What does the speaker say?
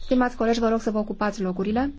Stimați colegi, vă rog să vă ocupați locurile.